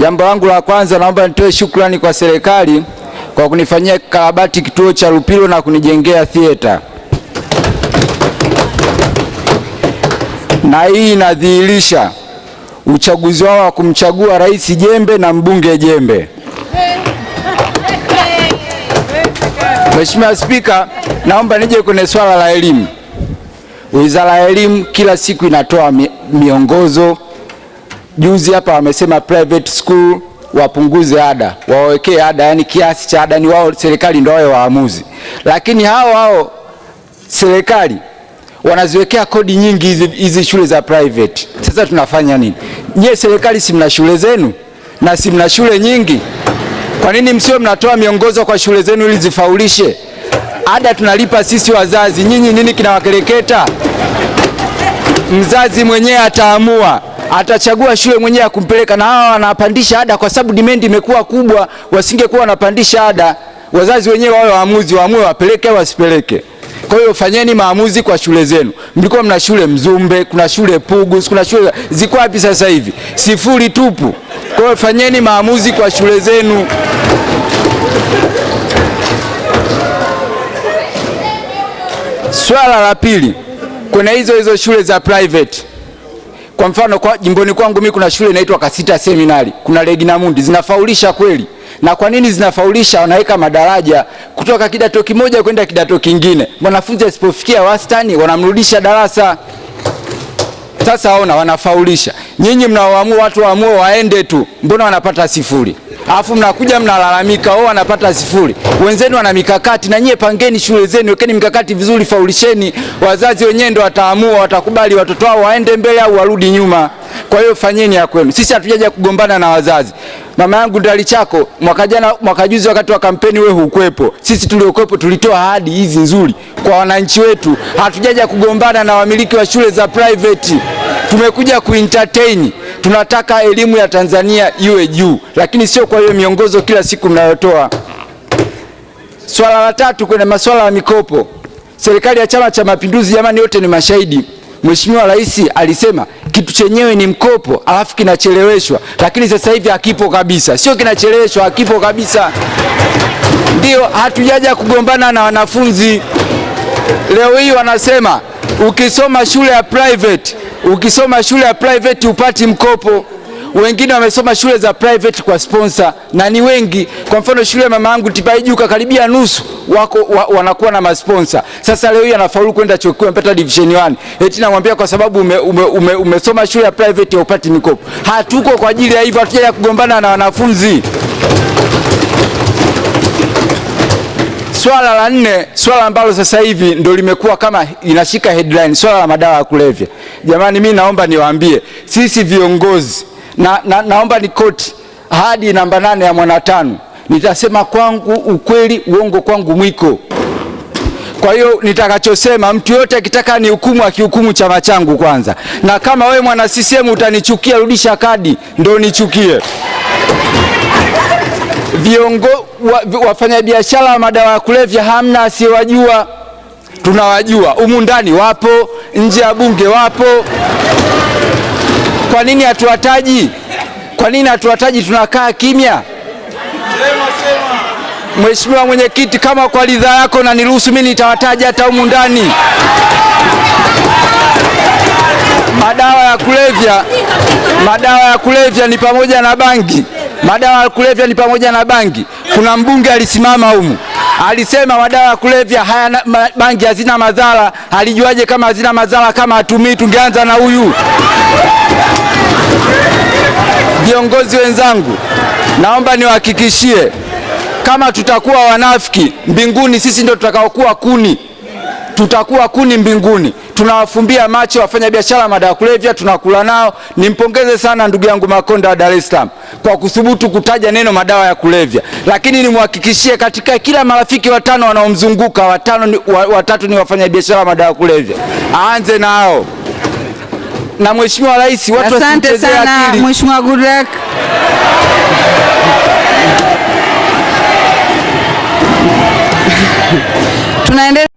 Jambo langu la kwanza, naomba nitoe shukrani kwa serikali kwa kunifanyia karabati kituo cha Lupilo na kunijengea theater, na hii inadhihirisha uchaguzi wao wa kumchagua rais jembe na mbunge jembe. Mheshimiwa Spika, naomba nije kwenye swala la elimu. Wizara ya Elimu kila siku inatoa miongozo Juzi hapa wamesema private school wapunguze ada, wawekee ada, yani kiasi cha ada ni wao, serikali ndio wawe waamuzi, lakini hao hao serikali wanaziwekea kodi nyingi hizi shule za private. Sasa tunafanya nini? Nyie serikali, si mna shule zenu na si mna shule nyingi? Kwa nini msio mnatoa miongozo kwa shule zenu ili zifaulishe? Ada tunalipa sisi wazazi, nyinyi nini kinawakereketa? Mzazi mwenyewe ataamua atachagua shule mwenyewe kumpeleka, na hawa wanapandisha ada kwa sababu demand imekuwa kubwa. Wasingekuwa wanapandisha ada, wazazi wenyewe wawe waamuzi, waamue wapeleke au wasipeleke. Kwa hiyo fanyeni maamuzi kwa shule zenu. Mlikuwa mna shule Mzumbe, kuna shule Pugu, kuna shule ziko wapi sasa hivi? Sifuri tupu. Kwa hiyo fanyeni maamuzi kwa shule zenu. Swala la pili, kuna hizo hizo shule za private kwa mfano kwa jimboni kwangu mimi kuna shule inaitwa Kasita Seminari, kuna mundi zinafaulisha kweli. Na kwa nini zinafaulisha? Wanaweka madaraja kutoka kidato kimoja kwenda kidato kingine, mwanafunzi asipofikia wastani wanamrudisha darasa. Sasa ona, wanafaulisha. Nyinyi mnaoamua watu waamue waende tu, mbona wanapata sifuri? alafu mnakuja mnalalamika, wao wanapata sifuri. Wenzenu wana mikakati, na nyie pangeni shule zenu, wekeni mikakati vizuri, faulisheni. Wazazi wenyewe ndo wataamua, watakubali watoto wao waende mbele au warudi nyuma. Kwa hiyo fanyeni ya kwenu. Sisi hatujaja kugombana na wazazi. Mama yangu ndali chako mwaka jana, mwaka juzi, wakati wa kampeni wewe hukwepo. Sisi tuliokwepo tulitoa ahadi hizi nzuri kwa wananchi wetu. Hatujaja kugombana na wamiliki wa shule za private, tumekuja kuentertain. Tunataka elimu ya Tanzania iwe juu, lakini sio kwa hiyo miongozo kila siku mnayotoa. Swala la tatu, kwenye masuala ya mikopo, serikali ya Chama cha Mapinduzi, jamani, yote ni mashahidi. Mheshimiwa Rais alisema kitu chenyewe ni mkopo, alafu kinacheleweshwa, lakini sasa hivi hakipo kabisa. Sio kinacheleweshwa, hakipo kabisa. Ndio hatujaja kugombana na wanafunzi. Leo hii wanasema ukisoma shule ya private Ukisoma shule ya private upati mkopo. Wengine wamesoma shule za private kwa sponsor na ni wengi. Kwa mfano shule ya mama yangu tipaiju karibia nusu wako wa, wanakuwa na masponsa. Sasa leo hii anafaulu kwenda chuo kikuu amepata division 1, eti namwambia kwa sababu umesoma ume, ume, ume shule ya private haupati mikopo. Hatuko kwa ajili ya hivyo, hatujaja kugombana na wanafunzi. Swala la nne, swala ambalo sasa hivi ndo limekuwa kama inashika headline, swala la madawa ya kulevya. Jamani, mi naomba niwaambie sisi viongozi na, na, naomba ni koti hadi namba nane ya Mwanatano, nitasema kwangu ukweli, uongo kwangu mwiko. Kwa hiyo nitakachosema, mtu yote akitaka ni hukumu, akihukumu chama changu kwanza, na kama wewe mwana CCM utanichukia, rudisha kadi ndo nichukie viongo wa, wafanyabiashara wa madawa ya kulevya hamna asiyewajua, tunawajua. Humu ndani wapo, nje ya bunge wapo. Kwa nini hatuwataji? Kwa nini hatuwataji? Tunakaa kimya. Mheshimiwa Mwenyekiti, kama kwa ridhaa yako na niruhusu mimi nitawataja hata humu ndani. Madawa ya kulevya, madawa ya kulevya ni pamoja na bangi Madawa ya kulevya ni pamoja na bangi. Kuna mbunge alisimama humu alisema madawa ya kulevya haya bangi hazina madhara. Alijuaje kama hazina madhara kama hatumii? Tungeanza na huyu. Viongozi wenzangu, naomba niwahakikishie kama tutakuwa wanafiki mbinguni, sisi ndio tutakaokuwa kuni tutakuwa kuni mbinguni. Tunawafumbia macho wafanya biashara madawa kulevya, tunakula nao. Nimpongeze sana ndugu yangu Makonda wa Dar es Salaam kwa kuthubutu kutaja neno madawa ya kulevya, lakini nimhakikishie katika kila marafiki watano wanaomzunguka watano ni, watatu ni biashara madawa ya kulevya, aanze nao na Mheshimiwa Rais, watu asante sana Mheshimiwa Goodluck. tunaendelea